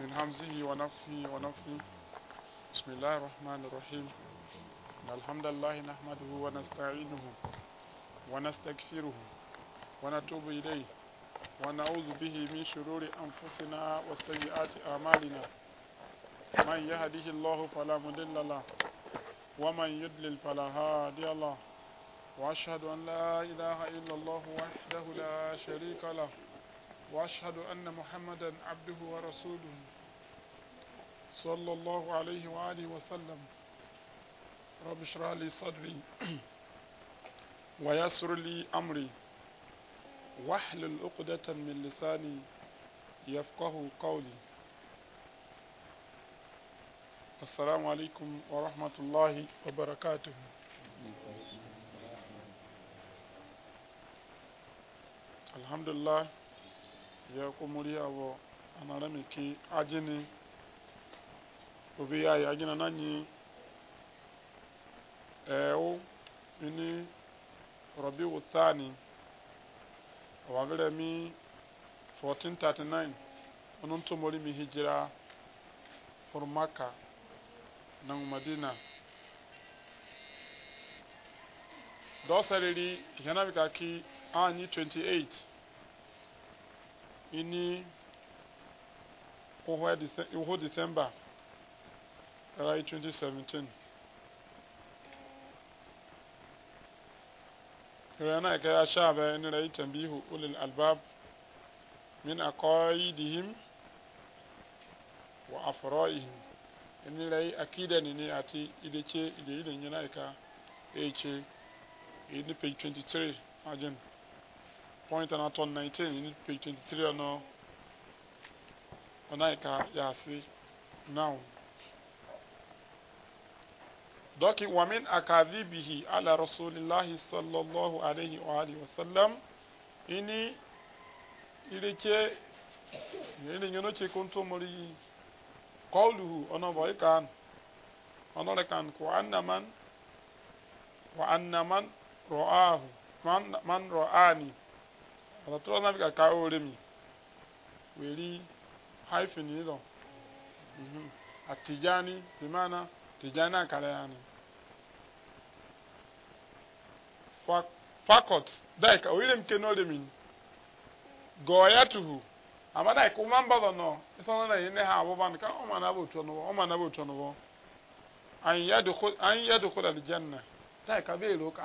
من همزه ونفه ونفه بسم الله الرحمن الرحيم الحمد لله نحمده ونستعينه ونستغفره ونتوب إليه ونعوذ به من شرور أنفسنا وسيئات أعمالنا من يهده الله فلا مضل له ومن يضلل فلا هادي له وأشهد أن لا إله إلا الله وحده لا شريك له وأشهد أن محمدا عبده ورسوله صلى الله عليه وآله وسلم رب اشرح لي صدري ويسر لي أمري واحلل عقدة من لساني يفقه قولي السلام عليكم ورحمة الله وبركاته الحمد لله ya kumuri yawo anara miki ajini obi ya ajina nanyi ewu ini robi wuthani wabere mi 1439 onun tumori mi hijira furmaka nan madina dɔsɛriri yɛnabika ki anyi eight ini uhu december right 2017 rana ka ya sha ba ni rai tambihu ulil albab min aqaidihim wa afraihim ni rai akida ni ne ati idece ide ide nyana ka ece ni page 23 ajin point na atɔ nineteen ne page twenty three ɔno ɔnan uh, ka yase now dɔki wamin akadhibihi ala rasulillahi sallallahu alayhi wa alihi wa sallam ini ireke ini nyono ce kuntumuri qawluhu ɔno bɔ ikan ɔno rekan ko annaman wa annaman man man ra'ani ọ̀tọ̀tọ̀ náà fi kàkà ó rẹ mi wèrí hyphen yìí lọ mm-hmm. àtìjáni bìmánà tìjáni àkàrà yà ni fakọt dàìkà òyìnbó mi ké náà rẹ mi gọ̀ọ́yà tùhù nọ ha àbọ̀bà nìkà ọmọ náà bò tọ̀ nọ̀wọ̀ ọmọ náà bò ya nọ̀wọ̀ àyìn yà dùkú dàlì jẹ́nà dàìkà bẹ́ẹ̀ ló kà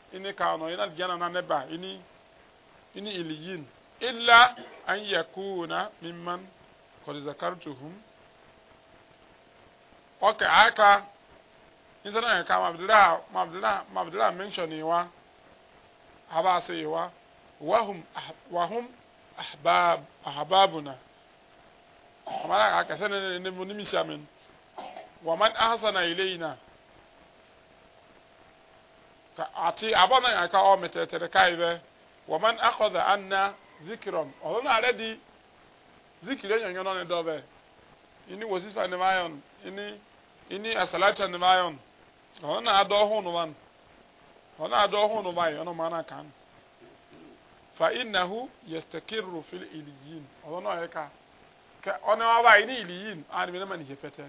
ini kaano ina aljana na neba ini ini iliyin illa an yakuna mimman qad zakartuhum okay aka insana kama mabdullah mabdullah mabdullah mention iwa aba se iwa wahum wahum ahbab ahbabuna amara ka kasana ne munimi shamin wa man ahsana ilayna ati abana yanka o metetere kai be wa man akhadha anna zikran o na ready zikire nyanyo no ne dobe ini wosifa ne mayon ini ini asalata ne mayon o na ado ho no man o ado ho no mayon no mana kan fa innahu yastakirru fil iliyin o na yanka ka ona wa ba ini iliyin ani me man hepete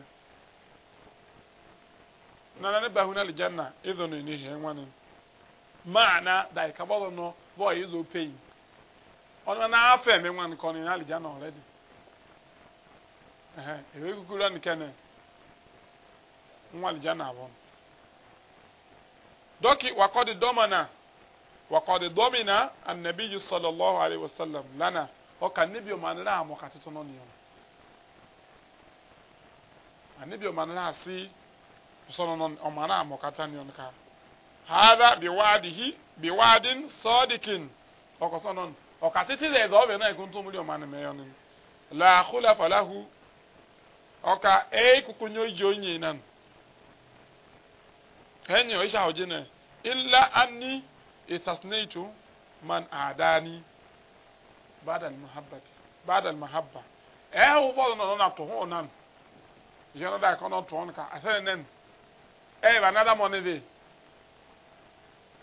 nana ne bahuna aljanna idhunu ni he maana dai kabado no boy izo pay ona na afa me wan kon na alija no already eh eh ewe gugura ni kene nwa alija na abon doki waqad domana waqad domina annabi sallallahu alaihi wasallam lana o kan nabi o manira amo katito no ni o annabi o manira si so no no o manira amo katani on ka hada biwadihi biwadin sadikin ọkọsọnọ ọkatiti lẹ ẹzọ ọbẹ náà ẹkún tó múlẹ ọmọ anamẹ yọ ni làákúlẹ fàlàhù ọkà ẹyẹkùkù ní oyè onye nan ẹnyẹ oṣù àwòjẹ náà ilà ani ìtàsínẹtù man àdáni bàdàl muhabbat bàdàl mahabba ẹ ẹhùn bọ́ọ̀lù náà ọ̀nà tó hùn nan ìyẹn náà dà ẹ̀kọ́ náà tó hùn ká àṣẹ nẹ́nu ẹ̀ ẹ̀ bà nádàmọ́ ni dè.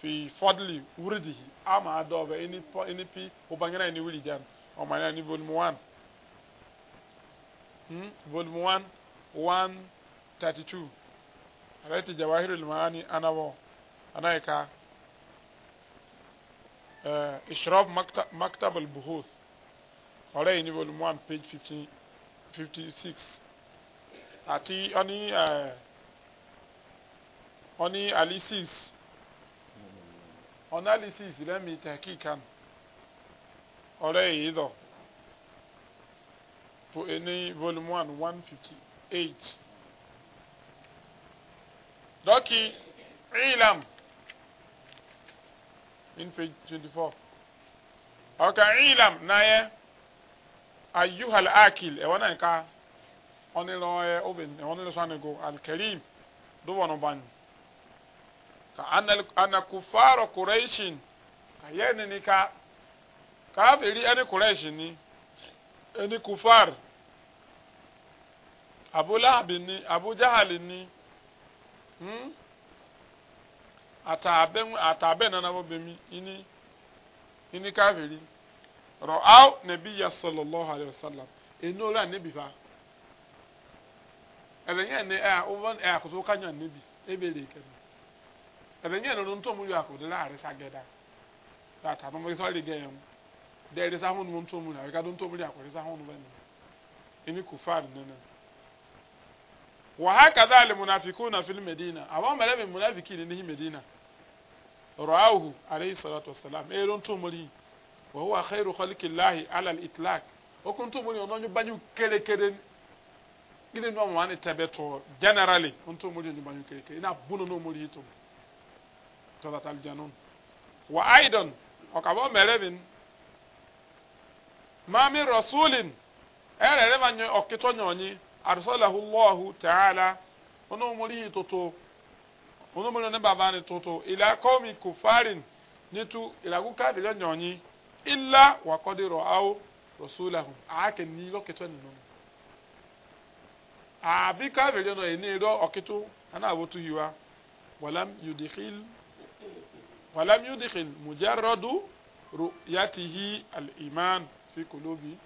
fi fadli wuridihi ama adobe ini po ini pi ubangena ini wuri jan o mana ni volume one hmm volume 1 132 alaiti jawahirul maani anawo anaika uh, eh, ishrab maktab, maktab al buhuth ọrẹ ni volume one page 15 56 àti oni uh, oni alisis analysis lẹ́mi tẹ̀kíkan ọ̀rẹ́ yìí dọ̀ for any volume one one fifty eight dọ́kì ilam in page twenty four ọ̀kà ilam náyẹ ayuhal akil ẹ̀wọ́n náà ká ọ̀nìlọ́ ẹ̀ obìnrin ẹ̀wọ́n nílò sọ́nìgò alkarim dúbọ̀nù báyìí. ana kufaro kureishin ayeni ni ka kafiri ẹni kureishi ni ẹni kufar abulahabi ni abujahali ni hmm? ataabe ataabe nanabo bemi ini ini kafiri rọ̀áw nàbí yà sọlọ́lọ́hu alayhi wa sallam ẹni olú ànábì fa ẹ̀rẹ̀ yẹn ni ẹ̀ ẹ̀ àkóso kányà ànábì ẹ̀ bẹ̀rẹ̀ kẹ́mi. ɛbɛnyɛ e e no no ntɔm yɛ akɔde la aresa gɛda bata no mo sɔre gɛ yɛm dɛ ɛresa ho no ntɔm na ɛka do ntɔm yɛ akɔresa ho no bɛ no ɛni kufar no no wa hakaza al munafiquna fil medina awon mala min munafiqin ni medina ra'awhu alayhi salatu wassalam e don to mori wa huwa khairu khalqillahi ala al itlaq o kun to mori ononyo banyu kere kere ile no mo ani tabeto generally on to mori onyo banyu kere kere ina buno no mori to mori tọ́lá tàlìjánú wà áìdán ọ̀kàbọ̀ mẹ́rẹ́bìn mami rasulin ẹ̀rẹ̀ rẹ̀ máa ń ọ̀kìtọ́ nyọ̀nyí àrùsọ́lẹ̀hu lọ́ọ̀hu tààlà onímọ̀lì yìí tuntun onímọ̀lì ní bàbá ni tuntun ìlà kọ́mi kùfárìn nítu ìlàkú káàdìjọ́ nyọ̀nyí ìlà wàkọ́dìrọ̀ áwò rasulẹ̀hu àákè ní lọ́kìtọ́ nínú àbí káàdìjọ́ náà yìí ní irọ́ ọ̀kìtọ́ anáwó yudikil wàlámi yudikil mujarrodu ru'yatihi al-iman fi kolobi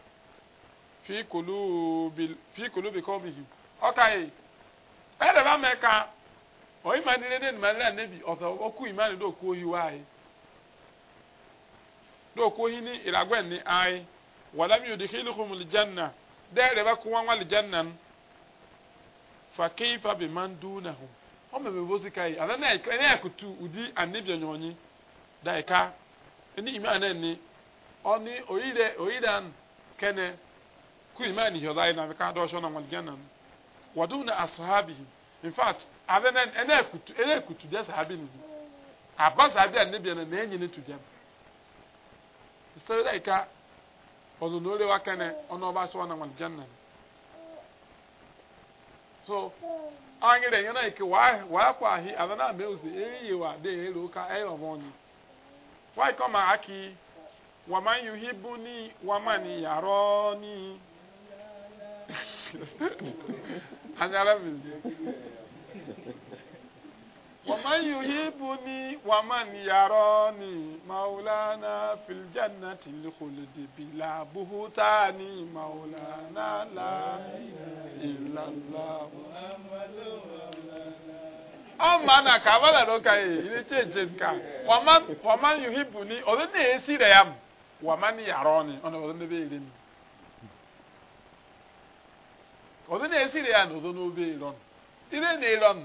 fi kolobi fi kolobi kọ́bihi ọkà yìí ẹ̀rẹ̀ bá mẹ́ka ọ̀yìn máa ní rédíò nìmọ̀ nílẹ̀ níbi ọ̀sẹ̀ ọkù ìmáàlì dòkú ohi wáyé dòkú ohi ní ìràgbẹ́ ní ayé wàlámi yudikil humul janna dẹ́ẹ̀rẹ̀ bá kú wọn wà lìjánna fakífa bìmá dúnà hùn ọmọ mi wo sika yi ana ẹni akutu ụdị anabi ọnyọnyi da ịka ndị ime a na-ene ọni oyide oyidan kene ku ime a n'ihi ọzọ na mịka adọọsọ na nwadịga na wadu na asahabi in fact ana ẹni akutu ẹni akutu dị asahabi n'ihi aba sahabi anabi na na-enye n'etu dị sịrị da ịka ọzọ na ore wa kene ọnụ ọba asọ na nwadịga na n'ihi so anyị yana nyere ike waa kwa ahị ada na ame ozi wa de elu ka aki waman yuhi ni wa yarọ ni anyara mmiri ومن يهيبني ومن يراني مولانا في الجنة الخلد بلا بهتان مولانا لا إله إلا الله ọmọ ana ka abala n'oka yi ile cheche nka waman waman yuhibu ni ọdun na esi da ya mu waman yara ọni ọna ọdun na ebe ere ni ọdun na esi da ya na ọdun na obe ere ọni ile na ere ọni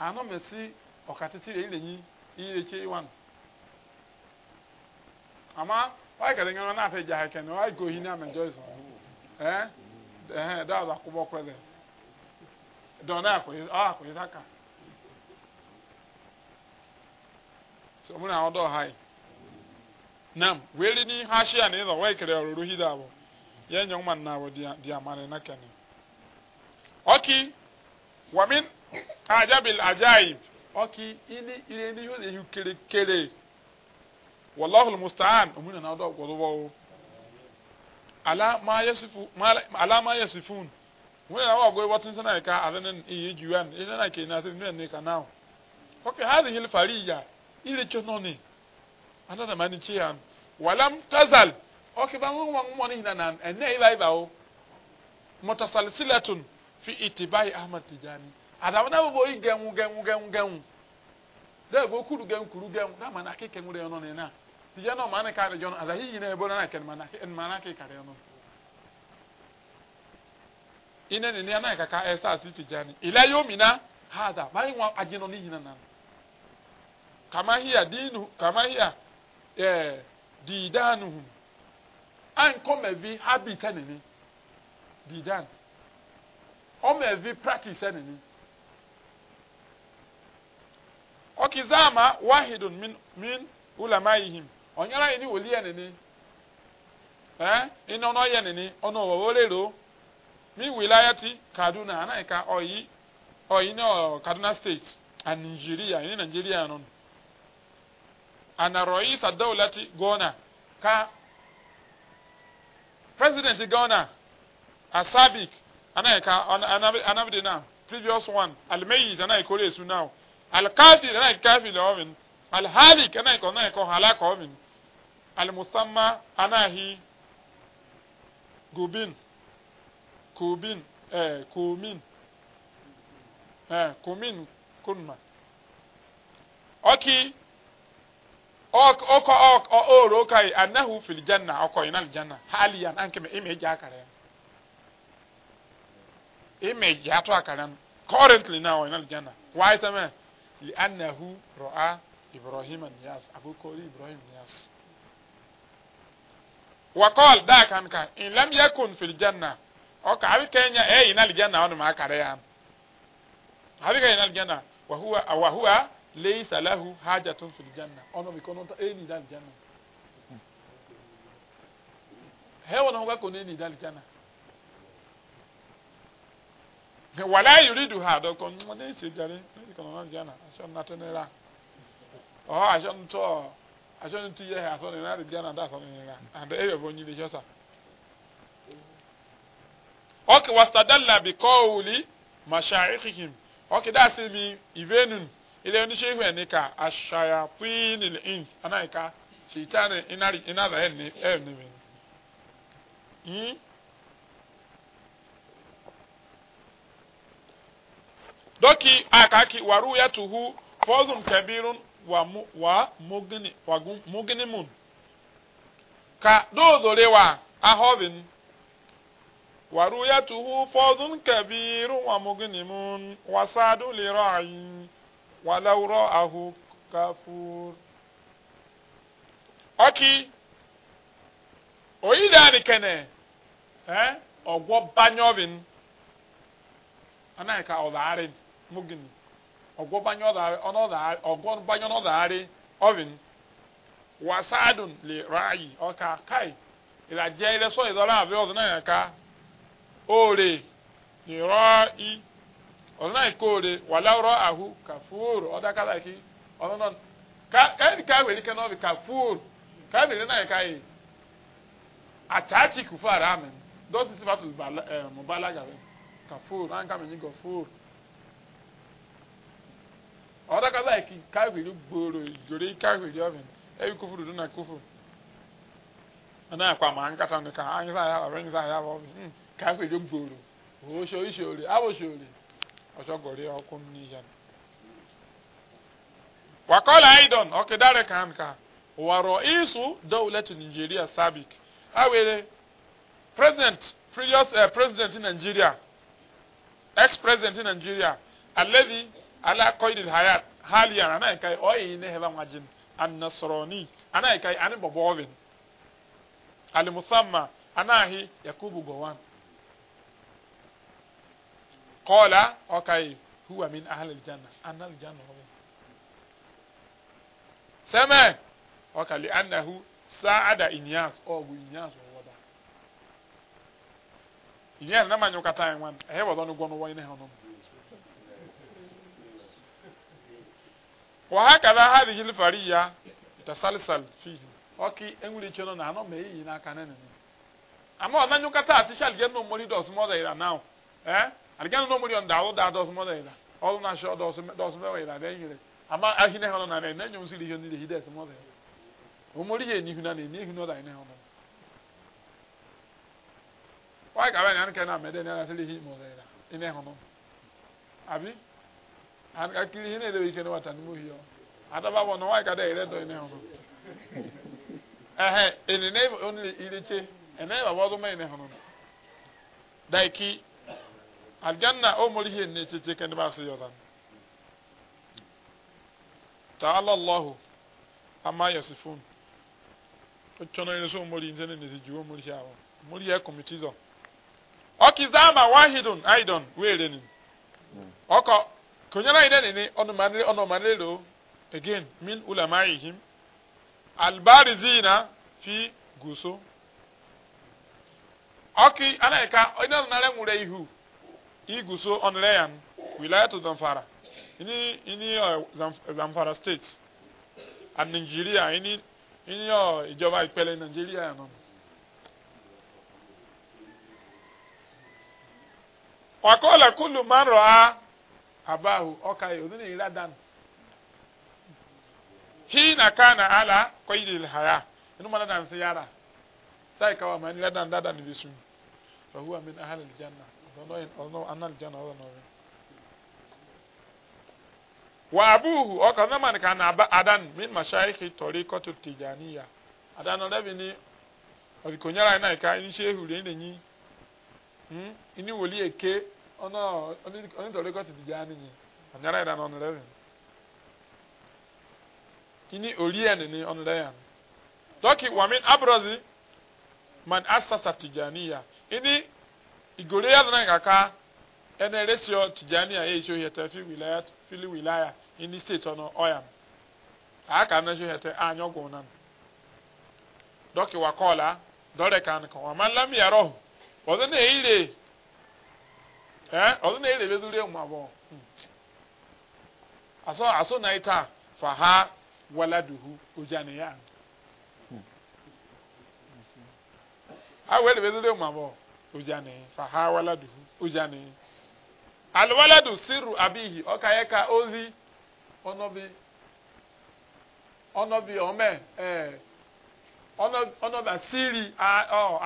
anọ mesi ọkatitiri eyi lenyi iyi eke iwan ama wáyé kẹlẹ ngana náà fẹ jà ọ Na eh? eh, ha yìí nam wéèrí ní hashia ní ìzọ̀ wáyé ruru ọ̀rọ̀ rohi dàbọ̀ yẹn nyọ́ mọ̀ nínú àwọ̀ di àmàlẹ̀ náà na ọkì ajabil ajaib ọkì ilé ire ndị yóò ehi kerekere mustaan òmìnira náà ọdọ ọgbọdọgbọ o alama yasifun wọn náà wà gbé wọtí sẹnà ẹka àdánù iye jù wá na ihe ẹka ìnáṣẹ nínú ẹni ẹka náà ọkì hàzì hìl fàrí ìyá ilé tí ó nọ ní na mani kí ya wàlám tazal na na ịba o fi itibai ahmed tijani. adaba na bobo yi gẹnwu gẹnwu gẹnwu gẹnwu dẹ bo kuru gẹnwu kuru gẹnwu dama na ake kẹnwu de yọnọ ni na tijẹ náà maani kaari jọnọ ala yi yina ebo nana kẹnuma na ẹnuma na ake kaari yọnọ ina ni nia náà kaka ẹsẹ asi tijẹ ni ilẹ yóò mina haada maa yi wọn ajinọ ni yina na kama hiya diinu kama hiya ɛɛ e, diidaanu ankɔmɛvi habit ɛnini diidaanu ɔmɛvi practice ɛnini. okizama wahidun min min ulamaihim onyara ini woli ya nini eh ino no ya nini ono wo lero mi wilayati kaduna anaika oyi oyi no kaduna state and nigeria ni nigeria non ana rais adawlati gona ka president gona asabik anaika anabidina previous one almeyi anaikore esu now al-kafiri alkafir na kafir omin alhalik na ko na ko halaka omin almusamma anahi gubin kubin eh kumin eh kumin kunma oki ok ok ok o ro kai annahu fil janna oko inal janna haliyan anke me ime ja kare ime ja to akare currently now inal janna why tell me لأنه رأى إبراهيم النياس أبو كوري إبراهيم النياس وقال ذاك أنك إن لم يكن في الجنة أو كعبي كينيا أي إن الجنة أنا ما كريان عبي كينيا الجنة وهو وهو ليس له حاجة في الجنة أنا بيكون أنت أي إن الجنة هو أنا هو كون إن الجنة wala yuridu ha do ko mo ne se jare ko no jana aso na to nera o aso nto aso nti ye aso ne na de jana da so ne nera and e be bonyi de josa okay wastadalla bi qawli mashaikhihim okay da se mi ivenun ile ni shehu ene ka ashayatin al in anaika shitani inari inara enne enne mi hmm? dọkị akaki waruyatuhu fawzun kabirun wa mu, wa mugni wa mugni mun ka dozorewa ahobin waruyatuhu fawzun kabirun wa mugni mun wa sadu li ra'i wa law ra'ahu kafur ọgwọ oyidani kene eh ogwo banyovin anai ka mugin ọgwọ banye ọgwọ banye ọdagharị ọvin wasadun le rayi ọka kai ìlàjẹ ilé sọ àbí ọ̀dọ́ náà ká oore le rayi ọ̀dọ́ náà kó oore wàláwùrọ̀ àhú kàfúrò ọ̀dọ́ kálá kí ọ̀dọ́ náà káyọ̀ ní káwé ka kẹ́ náà bí kàfúrò káyọ̀ náà ká àtàtì mọ̀bálá kàfúrò náà ní ọdaka like kawiri gboro igoro kawiri oven ebi kufuru duna kufuru ana akwa ma nkata nika anyị sa ya bara anyị ya bara oven kawiri gboro o sho isho ori abo sho ori ọsọ gori ọkụ n'ihe wakọla aidan ọkidare ka nka waro isu dawlatu nigeria sabic awere president previous uh, president in nigeria ex president in nigeria alladhi ala koidil hayat hali yana na kai oyi ne heba ngajin an nasrani ana kai an bobovin al musamma anahi yakubu gowan qala okay huwa min ahli al janna an al janna huwa sama okay li annahu saada inyas ogu inyas woda inyas na manyo katan wan ehwa donu gonu won ne hono وهكذا هذه الفرية تسلسل فيه أوكي أنقول كنا نحن ما هي نكانن أما أنا نوكا تاتي شال جنو مولي دوس مودا إلى ناو إيه أرجعنا نو مولي عندها ودا دوس مودا إلى أول ناشوا دوس دوس مودا إلى ده يجري أما أهين هنا نانا نحن يوم سيلي جنو ليه دوس مودا ومولي يني هنا نيني هنا ده هنا هنا وهكذا أنا كنا مدينة سيلي هي مودا إلى إنه هنا أبي akiri ihe na-edebe ike n'ụwa tani mụ hiọ adaba bụ na nwaanyị ka kada ere dọ ine hụrụ ehe ene na onile iriche ene baba ọdụ ma ine hụrụ daiki aljanna o mụrụ ihe ka ndị ne tete kan ba su yoran ta'ala allah amma yasifun o chono ile so mori nzene ne ihe mori hawo mori ya komitizo okizama wahidun aidon werenin ọkọ konyana ina nene ono manelo again min ulamaihim albarizina fi guso oki ana ka ina nare mure ihu iguso onleyan wilayatu zamfara ini ini uh, zamfara state and nigeria ini ini yo uh, ijoba ipele nigeria no wakola kullu man ra'a abahu na ọdún ní ìlà na ka na ala kọyìdì ìlhàyà inú mọ́lá dànù sí yàrá sáì yara sai ní ìlà dànù dàdà níbi sùn ọ̀hú àmì ahàlì ìjànà ọ̀nà àná ìjànà ọ̀rọ̀ nọ̀rọ̀ wà abúhù ọkà ọ̀nà mà nìkan nà adán mi mà ṣáà ìkì tọ̀rí kọ́tù tìjà ni ọ̀nà onítọ̀rẹ́ kọ́ ti dìjà nìyí ọ̀nyára ìdáná ọ̀nà rẹ̀ ini orí ẹ̀ nìní ọ̀nà rẹ̀ yàn dọ́kì wàmí abúrọ̀zì man asasa tìjàníyà ini ìgòrè ya náà kàkà ẹnna ẹrẹ́sìọ́ tìjàníyà èyí ṣe òhìẹ̀tẹ̀ fílì ya ini state ọ̀nà ọ̀yàm àákà náà ṣe òhìẹ̀tẹ̀ àányọ́gùn náà dọ́kì wàkọ́ọ̀lá dọ́rẹ̀ kan kan wàmí na wọ́n ọdụ na èrè lórí ẹ̀mú àbọ̀ asọ asọ náà ta fàhà wàládùhù ọjà nìyà awọ èrè lórí ẹ̀mú àbọ̀ fa ha fàhà duhu ọjà nìyà ya ka ozi ọnọbi ọnọbi ọmẹ ẹ ọnọbi asiri ọ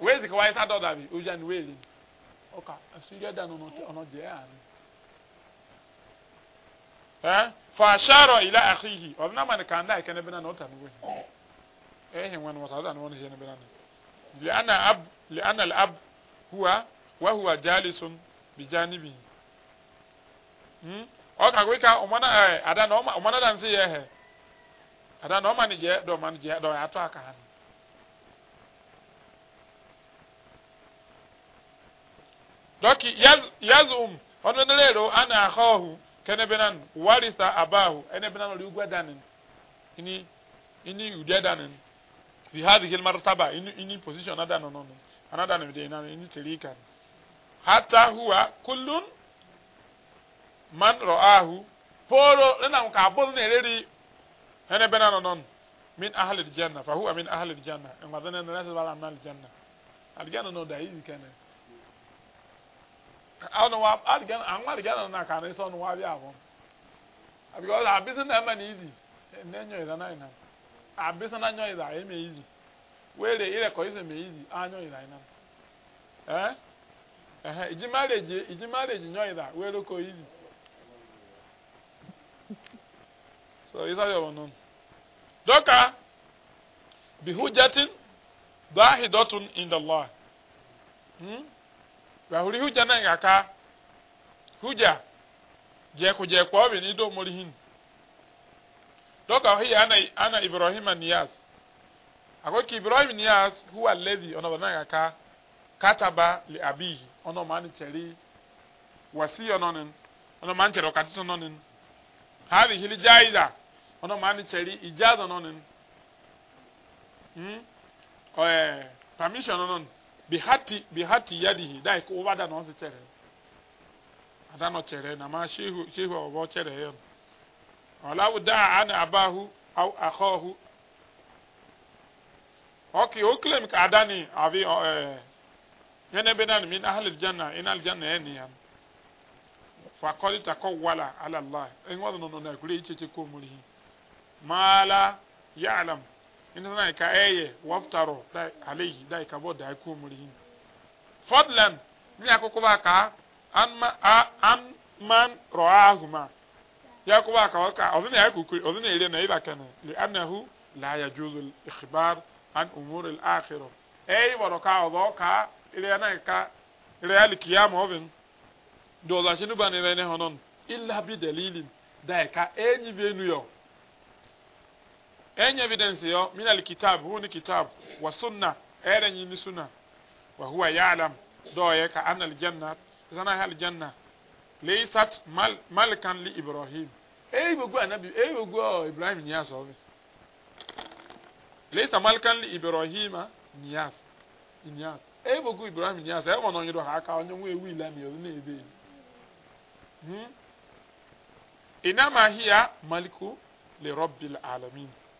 wezi kwa isa doda bi uja ni wezi oka asiri ada no ono je ani eh fa ashara ila akhihi obna man kan da ikene bina no tanu we eh hin wan wasa da no ne bina ne li ana ab li ana al ab huwa wa huwa jalisun bi janibi hmm oka ko ka omana ada no omana dan se ye he ada no man je do man je do ya to aka han doki yazum ọdún lẹ́rọ ana ahọ́hu kẹ́nẹ́bẹ́nan warisa abahu ẹnẹ́bẹ́nan ọ̀rẹ́ ugwa danin ini ini udiẹ danin fi hadi hil ini ini position ada nọ nọnọ ana danin de ina ini tẹ̀lé ikan hata huwa kullun man rọ ahu poro ẹnna nka abọ́n na ereri ẹnẹ́bẹ́nan nọ nọnọ min ahali janna fahuwa min ahali janna ẹnwadan ẹnna ẹnna ẹsẹ bala anna janna alijanna da yi kẹ́nẹ́. ọnụ wa adịghị nwa adịghị na ka n'isi ọnụ wa abịa abụ because abịsị na eme na izi na enyo ịza na ịna abịsị na enyo ịza eme izi were irekọ izi me izi anyo ịza ịna eh eh iji marriage iji marriage nyo ịza were ko izi so ịza yọ ọnụ doka in the law hmm? bahuri huja na ngaka huja je ku je ko bi ni do murihin doka hi ana ana ibrahim niyas ako ki ibrahim niyas huwa alladhi ona bana ngaka kataba li abihi ona mani cheri wasi ononin ona mani cheri okati ononin hali hili jaiza ona mani cheri ijaza ononin hmm eh permission ononin bihati bihati yadihi dai ko wada no chere ada no chere na ma shehu shehu obo chere yo wala uda an abahu au akhahu okay o claim ka adani abi eh yana benan min ahli aljanna in aljanna yani yan fa qali takawwala ala allah en wada no na kure icheche ko muri mala ya'lam ya inna na ka eye waftaro dai alayhi dai ka boda ko muri fadlan ni akokuba ka an ma an man roahuma ya kuba ka waka ozina ya kukuri ozina ile na iba kana li annahu la yajuzu al ikhbar an umur al akhirah ey waroka oboka ile na ka ile al qiyam ovin do za shinu banene honon illa bi dalilin dai ka enyi benu yo enye evidence yo min alkitab hu ni kitab wa sunna ere nyi ni sunna wa huwa ya'lam do ye ka anal janna zana hal janna laysat mal malkan li ibrahim e bogu anabi e bogu oh, ibrahim ni aso bi laysa malkan li ibrahima niyas niyas e bogu ibrahim ni aso e won onyi do ha ka onye nwe ewi la mi o na ebe hmm inama hiya maliku li rabbil alamin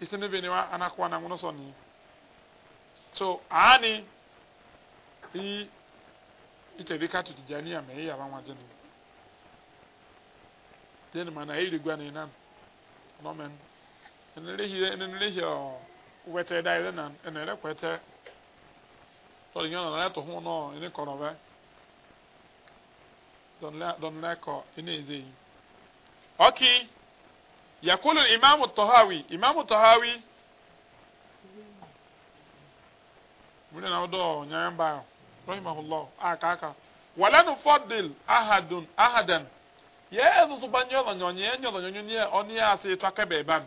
isini bini wa anakuwa na ngono soni so ani i itebika tutijani ya meia bangwa jeni jeni mana hili gwani nomen enelehi enelehi o wete da ile nan enele kwete so na to hu no ini korobe don ko ini okay يقول الإمام الطهاوي إمام الطهاوي من نعودو نعم رحمه الله آكا آكا ولا نفضل أحد أحدا يا أذو سبحانه نيوني نيوني نيوني أني أسي تكبر بان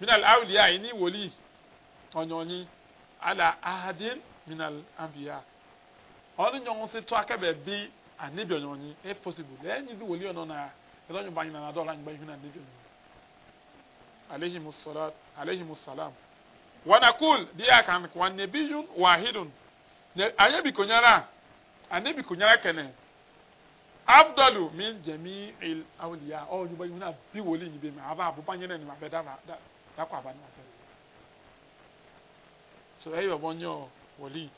من الأولياء إني ولي أنيوني على أحد من الأنبياء أني نيوني سي تكبر بي أني بيوني إيه possible لأني ذو ولي أنا أنا أنا أنا أنا أنا أنا أنا أنا aleyhimusalam wanakul dia kan wan nabiyun wahidun ne ayabi kunyara anabi kunyara kene abdalu min jami'il awliya o ni bayu na bi woli ni be ma aba abuba nyene ni ma be da da da kwa ba so ayo e bonyo woli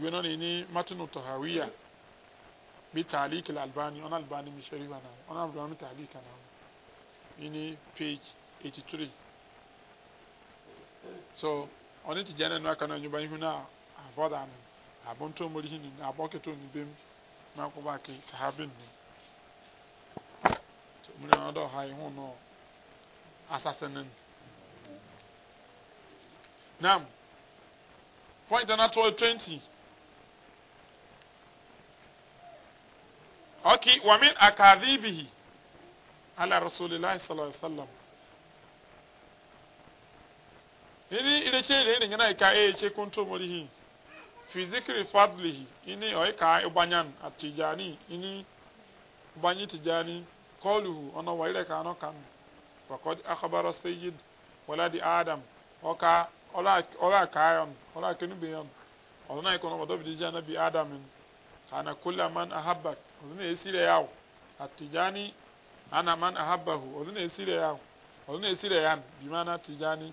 we no ni matunu tahawiya bi talik al albani on albani mi shariba na on albani talik na page eighty three so ɔne te gya no no aka no anwuma ihu no a abɔda no abɔntɔ mmɔre hi ni na abɔketɔ ne bɛm na akɔ baake sahabi ni so mu na ɔdɔ ha ihu no asase no nam point na tɔ twenty. Okay, ومن أكاذيبه على رسول الله صلى الله عليه nini ile che ile ni ngana ka e che kuntu murihi fi zikri fadlihi ini o ka ibanyan e, atijani ini banyi tijani qawluhu ona wa ile ka no kan wa qad akhbara sayyid waladi adam oka ka ola ola ka yon ola kenu be yon ona ko no bodo bi jana bi adam kana kullu man ahabbak ona esire yawo atijani ana man ahabbahu ona esire yawo ona esire yan bi mana tijani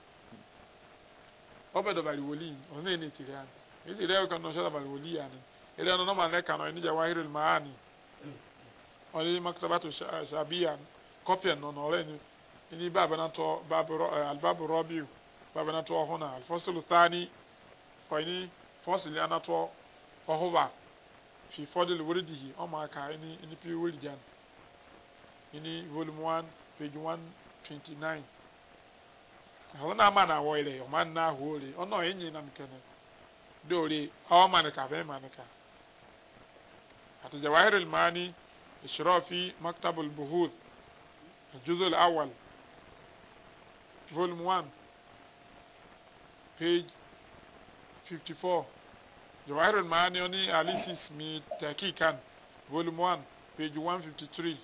ọbẹ̀ dọ̀bàlì wòlíì ọ̀nà èyí ni ìsìrì àná ìsìrì ẹ̀kọ́ ní ọ̀ṣẹ́ dọ̀bàlì wòlíì àná eré ọ̀nà nọ́mà lẹ́ka náà ẹ̀níjà wáhí rẹ̀ máa ní ọ̀nà maktabatu ṣàbíyà kọ́pìà nọ nọ̀ọ́rẹ́ ni ní bàbánátọ́ alibabu rọ́bìù bàbánátọ́ ọ̀húnà alifọ́sílù sáni ọ̀ní fọ́sílì anátọ́ ọ̀húbà fi fọ́dílì wírídìhì ọmọ aka ẹni ẹni pí wírídìhì àná ẹni volume one page one twenty nine ahụ na ama na awọ ile ọma nna ahụ ori ọnụ enyi na mkene dori awa manika fe manika ati jawahir almani ishrafi maktab albuhuth الجزء الأول فولم 1 page 54 جواهر المعاني أني أليسي سميت تحقيقا فولم 1 page 153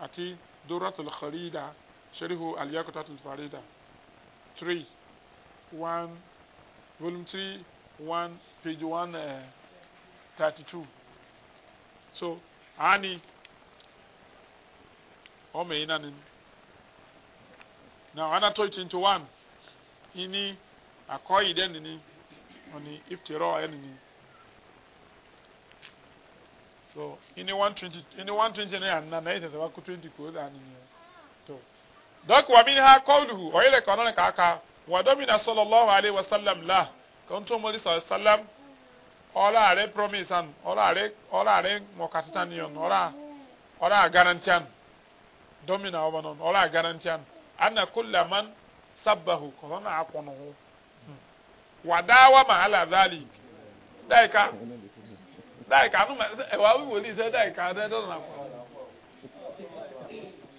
أتي دورة الخريدة شرح اليقطة الفريدة three one volume three one page one uh, thirty two so ani ọmọ yìí nani na ana tó twenty one ini akọyi dẹ nini ọni iftirọ ẹ nini so ini one twenty ini one twenty náà yà nana ẹ tẹsẹ wa kó twenty kó dà nini ẹ tó. So, dɔk wa min ha kɔluhu ɔyɛ lɛ kɔnɔ ne kaa kaa wa dɔ mina sɔlɔlɔhu alayhi wa sallam la kɔntun mɔri sɔlɔ sallam ɔlɔ are promise an ɔlɔ are ɔlɔ are mɔkatitan yɔn ɔlɔ ɔlɔ a garantian dɔ mina ɔbɔ nɔn ɔlɔ a garantian ana kulla man sabbahu kɔnɔ na a kɔnɔ ho wa daawa ma ala zaali daika daika anu ma ɛwà wíwòlì sɛ daika sɛ dɔ na kɔ.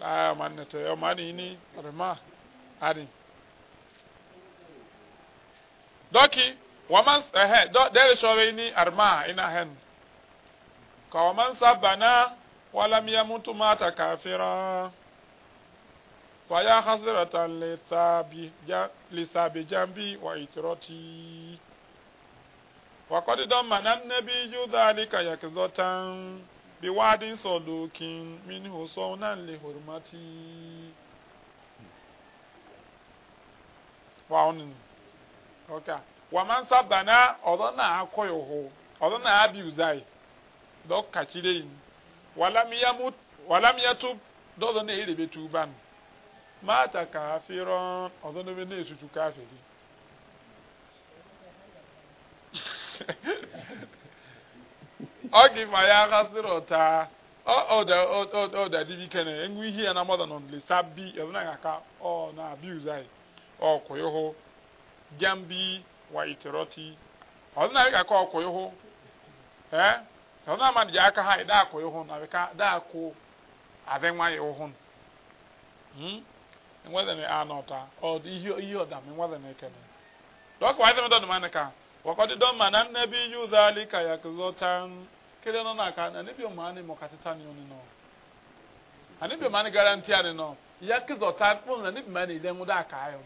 laa ah, man nete yo mani ini rema ani doki waman ehe do dere showe ini arma ina hen ka waman sabana walam yamutu mata kafira fa ya hasiratan lisabi ja lisabi jambi wa itirati wa qad damana an-nabiyyu dhalika yakzatan biwadin sadukin minhu saunan li hurmati wawon ọka waman sabana ọdọ na akọ ihu ọdọ na abi uzai dọ kakire yi walam yatu dọdọ na erebe tuban mata kafiron ọdọ na ebe na esutu kafiri ọ gị ma ya ghasịrị ụta ọdadibike na enwe ihe ya na mmadụ nọ lesa bi ọbụnaghị aka ọ na abiuz anyị ọkwụ ịhụ jambi wa iteroti ọdịnaghị aka ọkwụ ịhụ ee ọdịna mmadụ ji aka ha ịdakwụ ịhụ na bika dakwụ adị nwa ya ụhụ hmm? enwedene anọta ọdụ ihe ọdam enwedene ekene dọkịta wa adị mmadụ dị mmadụ ka wakọdịdọ mma na nnebi yuza alika ya kụzọta kele no na ka na ne bio mane mo kateta ne onu no ane bio mane garanti ane no ya ke zo ta pon na ne bi mane ile nguda ka ayo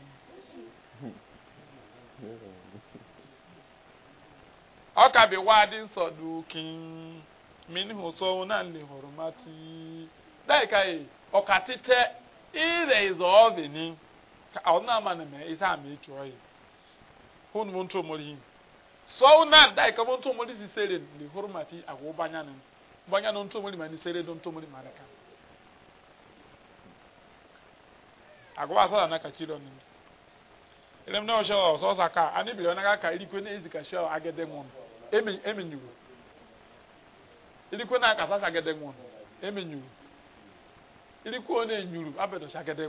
ọka bi waadi nsọ dukin mini hu so na nle horomati dai kai ka e, tete ire is all the ni ka na ma na me isa me choi hun mun to mo yin so nan dai ka bonto mo disi sere ni hurmati ago banyanin banyanin to mo ni mani sere don to mo ni maraka ago ba sala na ka chiro ni ilem na e osho so saka ani bi ona ka iri e kwe na ezika sho agede ngun emi emi nyu iri e kwe na ka sa agede ngun emi nyu iri kwe na nyuru abedo sa agede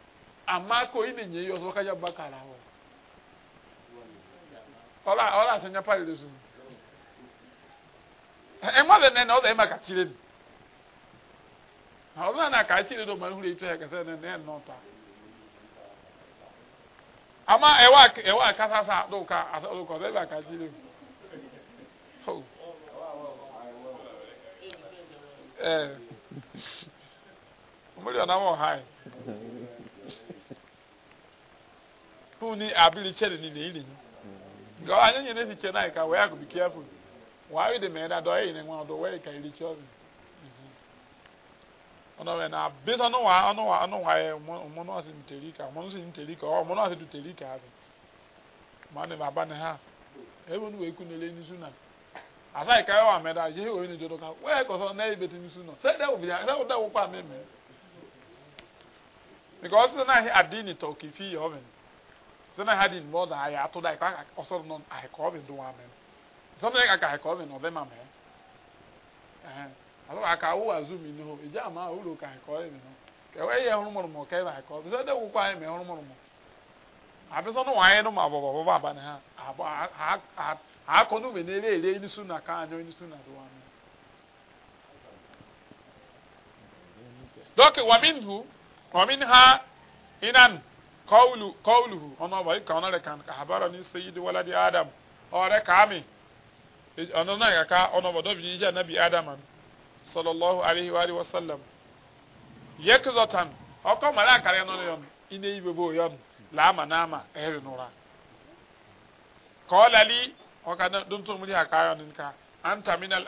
amako ini nye yo soka ya bakara ho ola ola senya pale lezu e eh, mo ne na o de maka chire ni na ka chire dị maru le tuya na se ne ne no ta ama ewa ewa ka sa sa do asa do ko de ba ka chire ho eh mo le na mo hai huni abili chere ni ni ili nga anya nyene si chena ka we go be careful why the man that do yin nwa do we ka ili chobi ono we na bisa no wa ono wa ono wa mo no asi mterika mo no si mterika o mo no asi tuterika abi ma ne baba ne ha e wonu we ku nele ni suna asa ka wa me da je we ni jodo ka we ko so na ibeti ni suna se da obi se da wo pa me me because na adini sena ha din mɔda na ato da ɛkɔ ɔsɔrɔ nɔ ahekɔɔbi do wa mɛ sɔmi yɛ kaka aka azumi ama ka ahekɔɔbi nɔ kɛwɛ yɛ ɛhoromɔromɔ ha ha na ka anyɔ ni na do wa mɛ dɔki wamin hu ha kọwulu kọwuluhu ọnụ ọba kan ka habara sayidi wala adam ọrẹ kaami ọnụ na kaka ọnụ ọba dọbi ihe anabi adam sallallahu alaihi wa wasallam yekzọtan ọkọ mara akara ya n'ọnụ yọnụ ine ibe bo laama n'ama eri n'ụra ka ọ lali ọka dụntụ mmiri aka yọnụ nka antaminal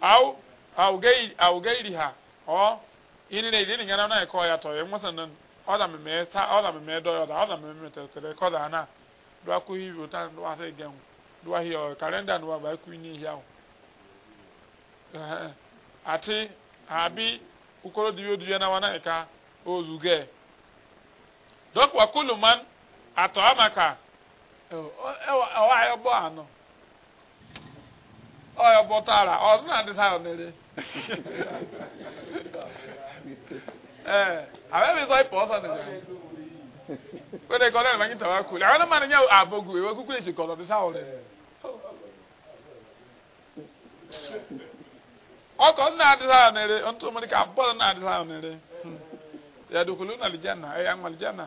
au au iri ha ọ ini ne idini ngana na ko ya to ya e sanan oda me me sa oda me me do oda oda me me te te ko da na do aku hi bi do ase gen do o calendar no ba ku ni ati abi ukoro di na wana e ka dok wa man e, o o ayo bo ano ọyọ bọtara ọdún náà ti sáyọ nílé ẹ àwọn ẹbí sọ ipò ọsàn nìyẹn wọ́n dẹ̀ kọ́ lẹ́nu mẹ́yìn tàwa kù lẹ́yìn àwọn ọmọ nìyẹn àbógun ìwé kúkú èsì kọ̀ lọ́dún sáwọ́ rẹ̀ ọkọ̀ ọdún náà ka abụọ nílé ọdún tó mọ́ na ká bọ́ọ̀lù náà ti sáyọ nílé yàdùkúlù nàlìjánà ẹ̀yà àmàlìjánà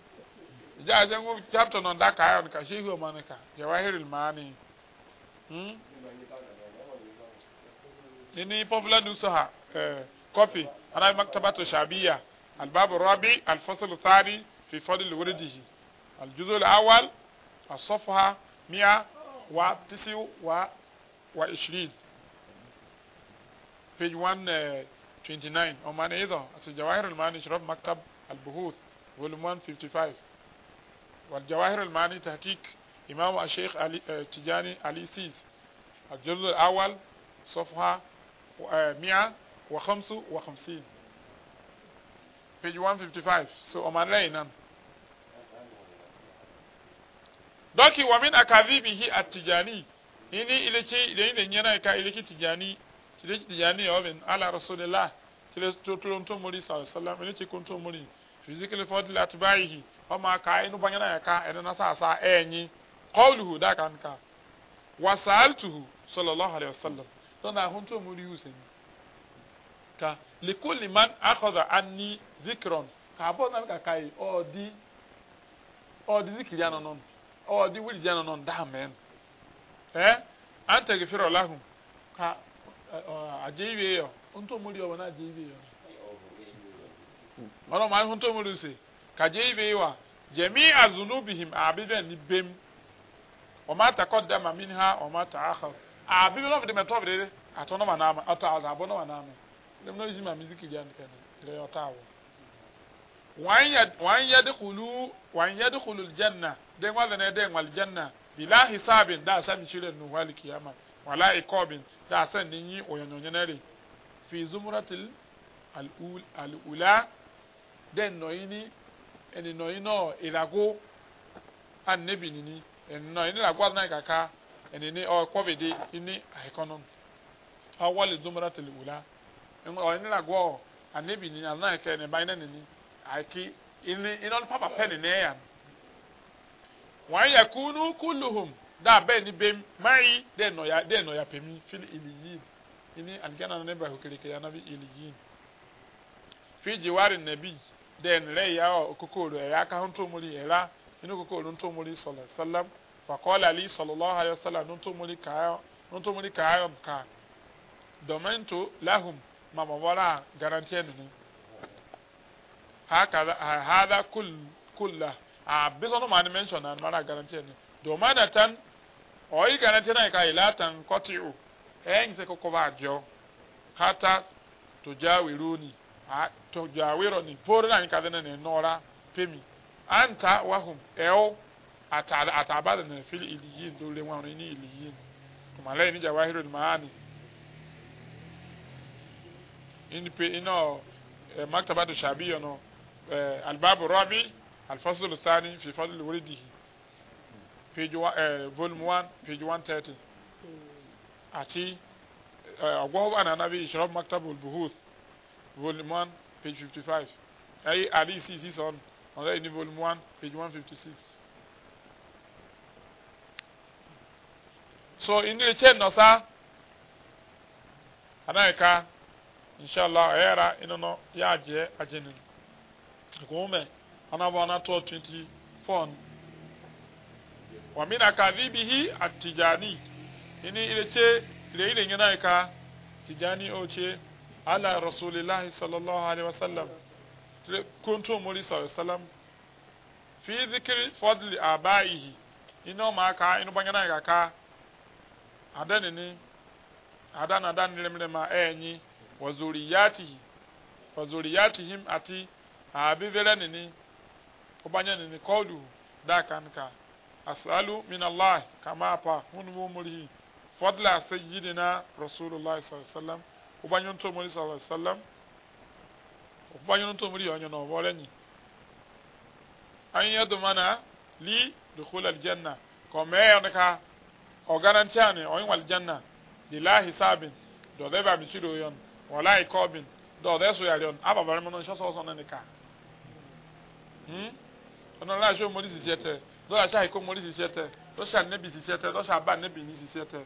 ja ze ngo chapter no ndaka ayo ka shi hiyo manika jawahirul maani hmm ni popular news ha copy ana maktabatu shabiya الباب الرابع الفصل الثاني في فضل ورده الجزء الأول الصفحة 129 page 129 ومعنى إذا الجواهر المعنى شرف مكتب البحوث volume 155 والجواهر المعاني تحقيق إمام الشيخ علي تجاني علي سيس الجزء الأول صفحة 155 page 155 so أمانلي نعم doki wa min akadhibihi at-tijani ini ileki ile nyana ka ileki tijani ileki tijani ya wabin ala rasulillah tile to to to muri sallallahu alaihi wasallam ileki kuntu muri fizikili fọdụl atụbaghị ọma ka ịnụ banyere ya ka ịnụ na sasa enyi kọluhu daka nka wasaltuhu sallallahu alaihi wasallam don na ahụntụ omuri yusin ka likuli man akọdọ ka abụọ na ka kai zikiri anọ nọ nọ eh an tagfiro lahum ka eh, eh, ajibe wọn ọmọ ahun tó mu do se kàjé ibe wa jẹmi azunu bihim abidjan ni bem ọmọ atakọ da mami ha ọmọ ata aha abibi náà fìdí mẹtọ fìdí atọ náà wà n'ama ọtọ àzọ abọ náà wà n'ama ẹni náà yìí mami zikiri yá nìkan ẹni ọtọ àwọ. wọn yẹ dikulu wọn yẹ dikulu janna den wàllu náà den wàllu janna bila hisaabin daa sami shire nu wàllu kiyama wàllu ikọbin daa sani nyi oyonyonyenere fi zumuratil al'ula. Al den nɔyi ni ɛni nɔyi ilago e ìlàgó anabi nini ɛni nɔyi ni kaka ɛni oh, ni ɔ kɔbidi ini àìkɔnɔ awɔli domara tele wula ɔyi ni ìlàgó anabi nini anayi kɛ ɛni bayi nani àìkí ɛni ɛni papa pɛ nɛɛya wɔn yɛ kunu kuluhum daa bɛyi ni bɛm mayi den nɔya den nɔya pɛmi fili iliyin ɛni alikɛna ne ba hokeleke anabi iliyin fi jiwari nabi. Den rẹ ya ọ kokoro ẹ aka ho ntomori ẹ ra inu kokoro ntomori sọlọ sọlọm fakọọlẹ ali sọlọlọ ayọ sọlọ ntomori kaayọ ntomori kaayọ ka dọmẹnto lahum mamabọra garantiẹ nínú hada kulla a ah, bisa no mani mention na mara garantiẹ nínú dọmẹnta tan ọyí garantiẹ náà ka ìlà tan kọtí o ẹ ń sẹ hata tó tɔdwa awero ni poore na nika dene ne nɔra pemi anta wahum ɛwo ataade ataaba de ne fili iliyin do le wɔn ni iliyin kumala yi ni jawahiro ni maani inipe ina ɔ ɛ maktaba do shabi yɛ no ɛ alibabu rabi alifasolo sani fifasolo lori dihi page one ɛ volume one page one thirty ati ɛ ɔgbɔhɔ anana bi isɔrɔ maktaba olbuhuth volume 1, page 55. Hey, Ali sees this on, on the volume 1, page 156. So, in the chain, no, sir. Anaika, inshallah, era, you know, ya je, ajinin. Gome, anabana to 24. Wamina kadhibihi atijani. Ini ile che, ile ile nyanaika, tijani oche, ala rasulillahi sallallahu alaihi wasallam kuntu muri sallam fi zikiri fadli abaihi ina ma aka inu banyana ga ka adani ni adana adani lemle ma enyi wa zuriyatihi wa zuriyatihim ati abivere ni ni obanya ni kodu da kanka asalu min allah kama pa hunu muri fadla sayyidina rasulullah sallallahu alaihi wasallam kubanyo ntomori sallallahu alaihi wasallam kubanyo ntomori onyo no bolenyi an yadmana li dukhul aljanna ko me onaka o garantiane o inwal janna bila hisabin do de ba misiro yon wala ikobin do de so yari on aba bare mono nsha so so na nika hm ona la jo mori sisete do la sha iko mori sisete do sha nebi sisete do sha ba nebi ni sisete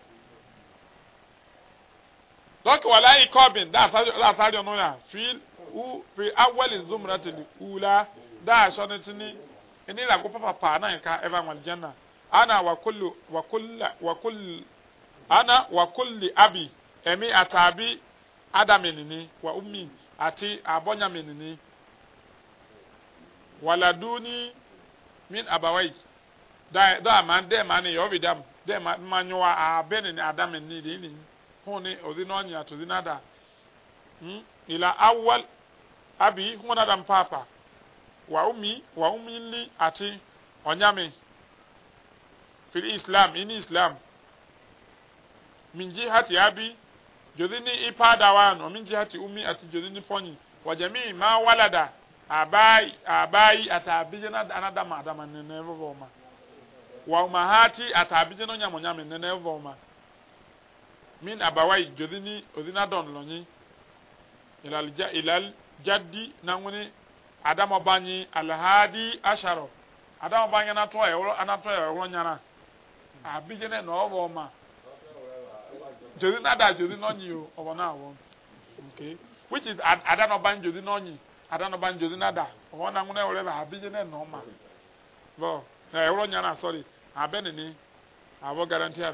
donc wala yi kobin da asari ọnu ya fi u fil awali zumra ti li ula da aṣọ ni ni la ko papa pa ana nka eva malijanna ana wa kullu wa kullu wa kullu ana wa kulli abi emi atabi adamenini wa ummi ati abonyamenini waladuni min abawai da da man de man yo vidam de man manyo a benini adamenini ni huni odhi nonya to dinada hmm? ila awwal abi huna dam papa wa ummi wa ummi li ati onyame fil islam ini islam min jihati abi jodini ipada o min jihati ummi ati jodini ponyi wa jamii ma walada abai abai atabije na anada madama nene voma wa umahati atabije no nyamo nyame nene min abawai jodini odina don lonyi ilal ja ilal jaddi nanguni adama banyi alhadi asharo adama banyi na toye woro ana toye woro nyana abijene na obo ma jodina da jodina onyi o obo na awon okay which is ad, adana ban jodina onyi adana ban jodina da obo na ngune wore ba abijene na oma bo na woro nyana sorry abene ni abo guarantee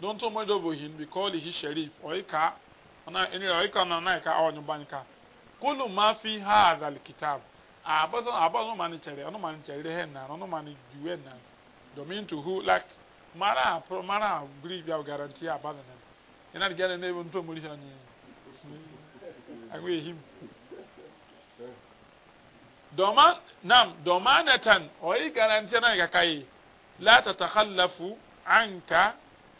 Don't don to mojo bohin bi koli hi sharif oika ona eni oika na na ka awon banka kulu ma fi hadha alkitab abazo abazo mani chere ono mani chere he na ono mani juwe na domin to who like mara pro mara grieve ya guarantee abazo na You ina gele ne bon to muri hani agwe him doma nam domanatan oyi garantie na ka kai eh? la tatakhallafu anka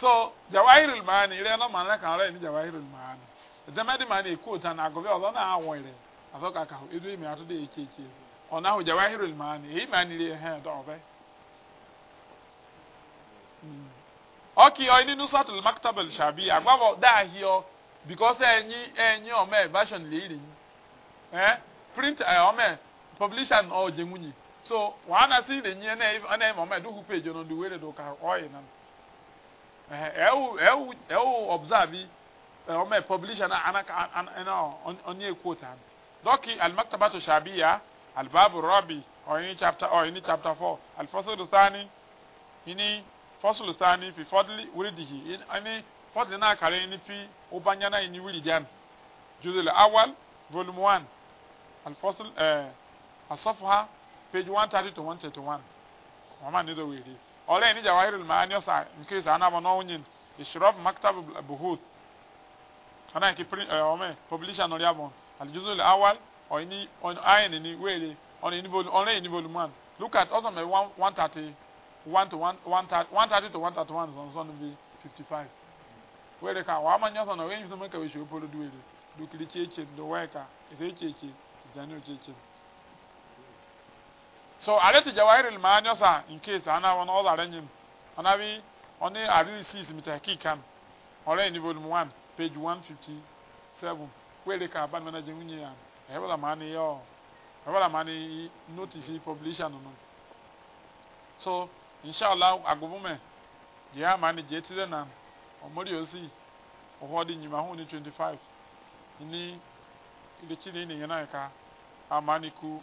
so jawahirul maani ire no manana kan re ni jawahirul maani zama di maani ku ta na gobe ozo na awore aso ka ka edu imi ato de eche eche ona ho jawahirul maani e maani re he do obe hmm. oki o ni nusatul maktab al shabi agbabo da hio because enyi enyi o vashọn version le iri eh? print eh, o me publisher o jenwunyi so wa na si nyi na na mo me do hu page no do were do ka o yi na ɛwò ɛwò ɛwò observe ɔmɛ eh, publisher na anaka an ɛna ɔnye quote ano ah. dɔki alimakitabato shabiya alibabu rabi ɔyini chapter ɔyini chapter four alifasulu sani ini fasulu sani fi fɔdili ini fɔdili naa kare ini fi ubanyana ini wiridian juzul awal volume one alifasul ɛɛ eh, asɔfuha page one thirty to one thirty one wɔn a nizo wiri ọlẹ́ ní jawahiri maani ọ̀sà nkirisa anamọ náà ọ̀nyin ìṣòrọ̀fù maktab buhut, ọ̀nà ìkí eh, ọmọ publisher nọ̀rí abọ̀ alijuzul awal ọ̀yìnì ayẹ̀nì ní wéèrè ọ̀nà ìní volume one look at ọ̀sán mẹ́ one thirty one to one one thirty to one thirty one sọ̀nsọ̀n bí fifty five wéèrè ká wàá ma nyọ́sàn náà wéèrè ní sọ́mọ́ kàwé ṣòwò polo dúwèrè dùkìrì chéèchè ndòwẹ́ẹ̀ká èsè chéèchè tìjànì chéèchè. so aleti jawahiri limaanyo sa in case ana wọn ọdọ arẹnyin ana bi ọni ariri six mita kikan ọrẹ ni volume one page 157 fifty ka abanu mẹnajẹ nwunye ya ẹ bọla maa ni yọ ẹ bọla maa ni notice publisher so inshallah agbomumẹ jẹ ama ni je tirẹ na ọmọdé osi ọhọ di ni twenty five ni ìdíkyi ni ìnìyẹn náà yẹ ká ama ku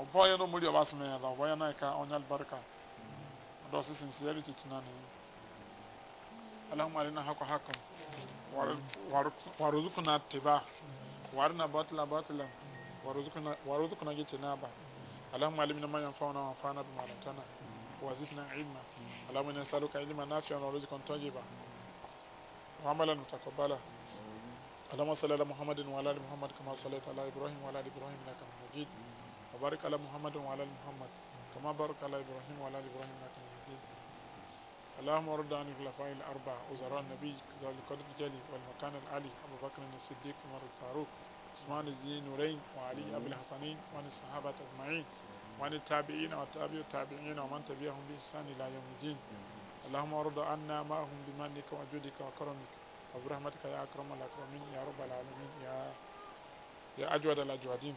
ɔbɔyɛ no mu deɛ ɔba sɛmɛ yɛla ɔbɔyɛ no ɛka ɔnya albarka ɔdɔ sɛ sincerity tena ne اللهم علينا حق حقا وارزقنا اتباع وارنا باطلا باطلا وارزقنا وارزقنا اجتنابا اللهم علمنا ما ينفعنا وانفعنا بما علمتنا وزدنا علما اللهم انا نسالك علما نافعا ورزقا طيبا وعملا متقبلا اللهم صل على محمد وعلى ال محمد كما صليت على ابراهيم وعلى ال ابراهيم انك حميد مجيد وبارك على محمد وعلى محمد كما بارك على إبراهيم وعلى إبراهيم إنك حميد اللهم ارد عن الخلفاء الأربعة وزراء النبي ذو القدر الجلي والمكان العلي أبو بكر الصديق عمر الفاروق عثمان ذي نورين وعلي أبي الحسنين وعن الصحابة أجمعين وعن التابعين وتابع التابعين ومن تبعهم بإحسان إلى يوم الدين اللهم ارد عنا ما هم بمنك وجودك وكرمك وبرحمتك يا أكرم الأكرمين يا رب العالمين يا يا أجود الأجودين